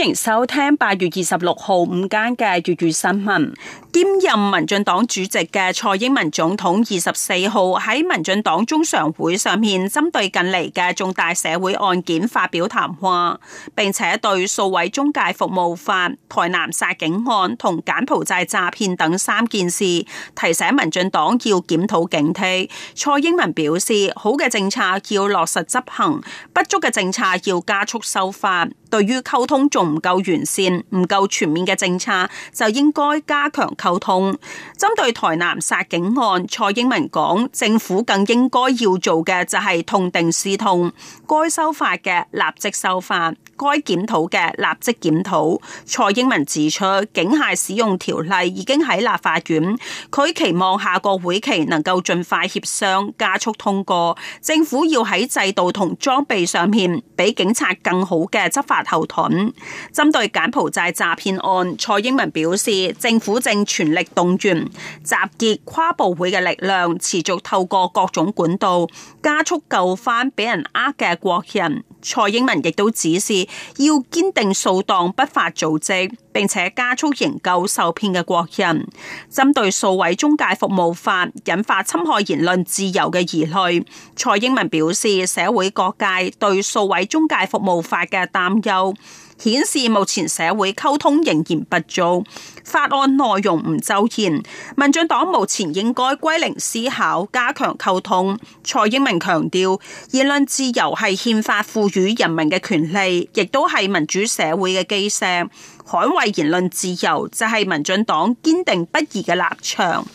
歡迎收聽八月二十六號午間嘅粵語新聞。兼任民進黨主席嘅蔡英文總統二十四號喺民進黨中常會上面，針對近嚟嘅重大社會案件發表談話，並且對數位中介服務法、台南殺警案同柬埔寨詐騙等三件事提醒民進黨要檢討警惕。蔡英文表示，好嘅政策要落實執行，不足嘅政策要加速修法。對於溝通仲。唔夠完善，、唔夠全面嘅政策，就應該加強溝通。針對台南殺警案，蔡英文講，政府更應該要做嘅就係痛定思痛，該修法嘅立即修法。該檢討嘅立即檢討。蔡英文指出，警械使用條例已經喺立法院，佢期望下個會期能夠盡快協商，加速通過。政府要喺制度同裝備上面，俾警察更好嘅執法後盾。針對柬埔寨詐騙案，蔡英文表示，政府正全力動員集結跨部會嘅力量，持續透過各種管道，加速救返俾人呃嘅國人。蔡英文亦都指示要堅定掃蕩不法組織，並且加速營救受騙嘅國人。針對數位中介服務法引發侵害言論自由嘅疑慮，蔡英文表示，社會各界對數位中介服務法嘅擔憂，顯示目前社會溝通仍然不足，法案內容唔周延。民進黨目前應該歸零思考，加強溝通。蔡英文強調，言論自由係憲法賦予人民嘅權利，亦都係民主社會嘅基石。捍衛言論自由就係民進黨堅定不移嘅立場。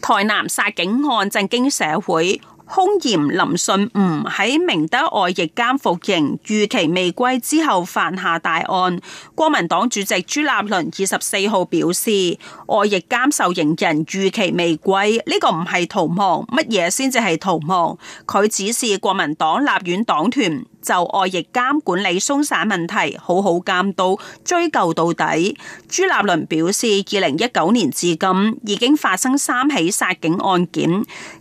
台南殺警案震驚社會。兇嫌林信吾喺明德外役監服刑，逾期未歸之後犯下大案。國民黨主席朱立倫二十四號表示，外役監受刑人逾期未歸，呢、這個唔係逃亡，乜嘢先至係逃亡？佢指示國民黨立院黨團。就外役監管理鬆散問題，好好監督追究到底。朱立倫表示，二零一九年至今已經發生三起殺警案件，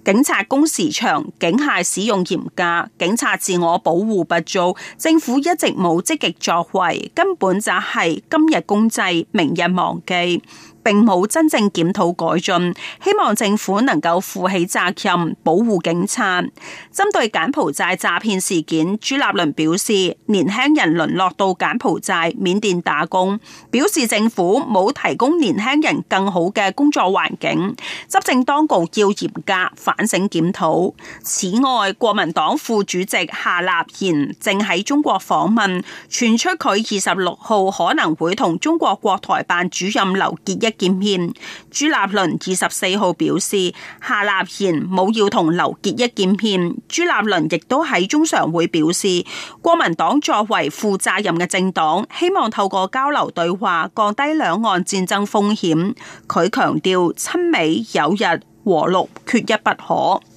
警察工時長，警械使用嚴格，警察自我保護不足，政府一直冇積極作為，根本就係今日公祭，明日忘記。並冇真正檢討改進，希望政府能夠負起責任保護警察。針對柬埔寨詐騙事件，朱立倫表示，年輕人淪落到柬埔寨、緬甸打工，表示政府冇提供年輕人更好嘅工作環境，執政當局要嚴格反省檢討。此外，國民黨副主席夏立言正喺中國訪問，傳出佢二十六號可能會同中國國台辦主任劉結一。見面，朱立倫二十四號表示，夏立言冇要同劉結一見面。朱立倫亦都喺中常會表示，國民黨作為負責任嘅政黨，希望透過交流對話降低兩岸戰爭風險。佢強調，親美、友日、和陸缺一不可。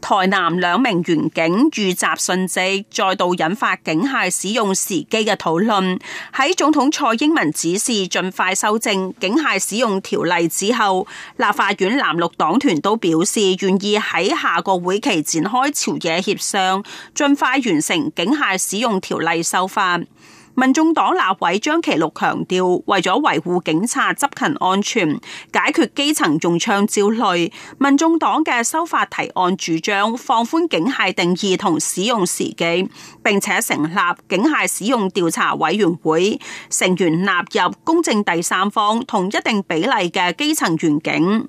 台南兩名員警遇襲殉職，再度引發警械使用時機嘅討論。喺總統蔡英文指示盡快修正警械使用條例之後，立法院藍綠黨團都表示願意喺下個會期展開朝野協商，盡快完成警械使用條例修法。民眾黨立委張其祿強調，為咗維護警察執勤安全，解決基層用槍焦慮，民眾黨嘅修法提案主張放寬警械定義同使用時機，並且成立警械使用調查委員會，成員納入公正第三方同一定比例嘅基層員警。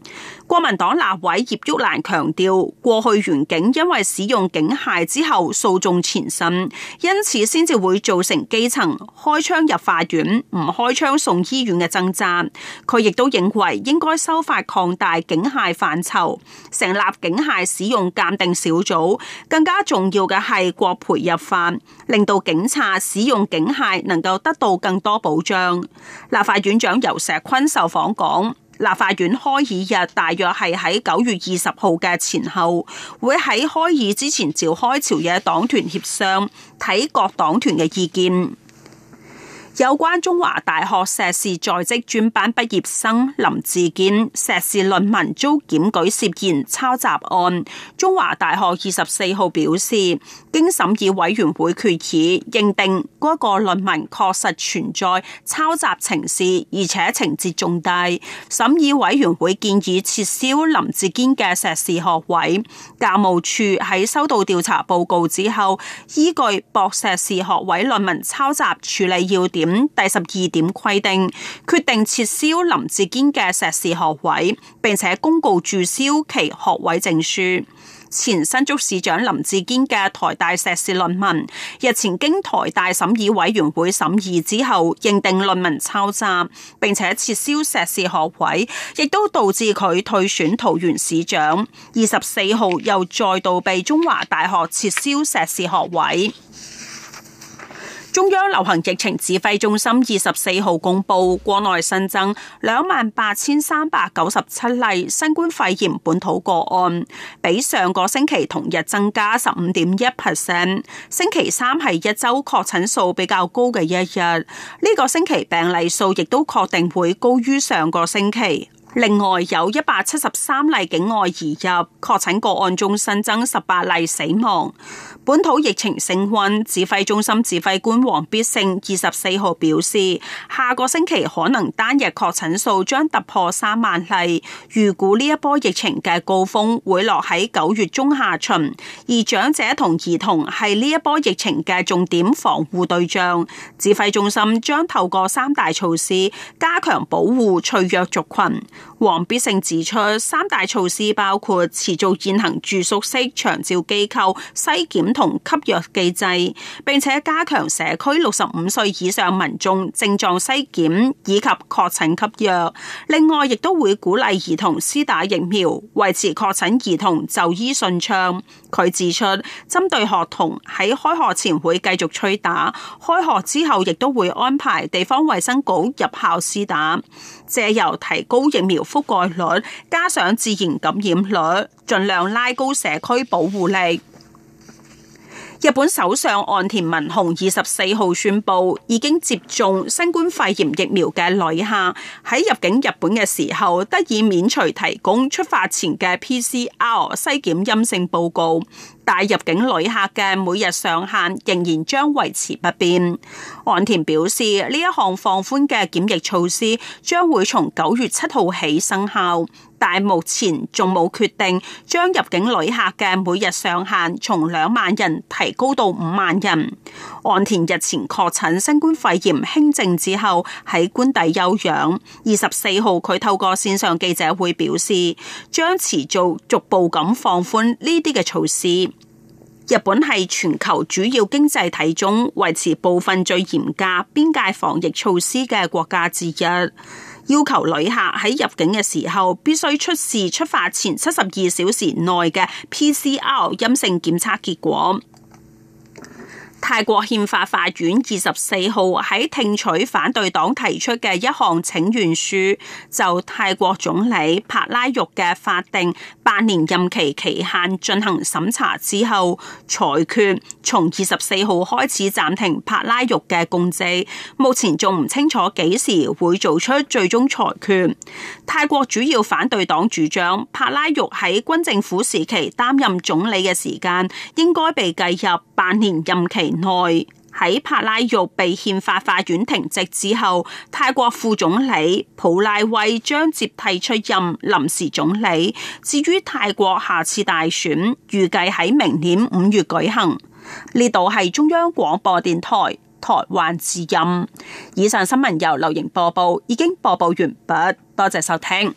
國民黨立委葉毓蘭強調，過去員警因為使用警械之後訴訟纏身，因此先至會造成基層開槍入法院、唔開槍送醫院嘅掙扎。佢亦都認為應該修法擴大警械範疇，成立警械使用鑑定小組。更加重要嘅係國賠入法，令到警察使用警械能夠得到更多保障。立法院長游錫堃受訪講。立法院開議日大約係喺九月二十號嘅前後，會喺開議之前召開朝野黨團協商，睇各黨團嘅意見。有關中華大學碩士在職專班畢業生林志堅碩士論文遭檢舉涉嫌抄襲案，中華大學二十四號表示，經審議委員會決議認定，嗰個論文確實存在抄襲情事，而且情節重大。審議委員會建議撤銷林志堅嘅碩士學位。教務處喺收到調查報告之後，依據博碩士學位論文抄襲處理要點。第十二點規定，決定撤銷林志堅嘅碩士學位，並且公告注銷其學位證書。前新竹市長林志堅嘅台大碩士論文，日前經台大審議委員會審議之後，認定論文抄襲，並且撤銷碩士學位，亦都導致佢退選桃園市長。二十四號又再度被中華大學撤銷碩士學位。中央流行疫情指揮中心二十四號公布，國內新增兩萬八千三百九十七例新冠肺炎本土個案，比上個星期同日增加十五點一 percent。星期三係一周確診數比較高嘅一日，呢、這個星期病例數亦都確定會高於上個星期。另外有一百七十三例境外移入確診個案中新增十八例死亡。本土疫情升溫，指揮中心指揮官王必勝二十四號表示，下個星期可能單日確診數將突破三萬例。預估呢一波疫情嘅高峰會落喺九月中下旬，而長者同兒童係呢一波疫情嘅重點防護對象。指揮中心將透過三大措施加強保護脆弱族群。王必勝指出，三大措施包括持續進行住宿式長照機構篩檢。同吸藥機制，並且加強社區六十五歲以上民眾症狀篩檢以及確診吸藥。另外，亦都會鼓勵兒童施打疫苗，維持確診兒童就醫順暢。佢指出，針對學童喺開學前會繼續催打，開學之後亦都會安排地方衛生局入校施打，借由提高疫苗覆蓋率，加上自然感染率，盡量拉高社區保護力。日本首相岸田文雄二十四號宣布，已經接種新冠肺炎疫苗嘅旅客喺入境日本嘅時候得以免除提供出發前嘅 PCR 篩檢陰性報告。但入境旅客嘅每日上限仍然將維持不變。岸田表示，呢一項放寬嘅檢疫措施將會從九月七號起生效，但目前仲冇決定將入境旅客嘅每日上限從兩萬人提高到五萬人。岸田日前確診新冠肺炎輕症之後喺官邸休養。二十四號佢透過線上記者會表示，將持續逐步咁放寬呢啲嘅措施。日本係全球主要經濟體中維持部分最嚴格邊界防疫措施嘅國家之一，要求旅客喺入境嘅時候必須出示出發前七十二小時內嘅 PCR 陰性檢測結果。泰國憲法法院二十四號喺聽取反對黨提出嘅一項請願書，就泰國總理帕拉育嘅法定八年任期期限進行審查之後，裁決從二十四號開始暫停帕拉育嘅公職，目前仲唔清楚幾時會做出最終裁決。泰國主要反對黨主張，帕拉育喺軍政府時期擔任總理嘅時間應該被計入八年任期。年內喺帕拉育被憲法法院停職之後，泰國副總理普拉惠將接替出任臨時總理。至於泰國下次大選，預計喺明年五月舉行。呢度係中央廣播電台台灣之音。以上新聞由劉瑩播報，已經播報完畢，多謝收聽。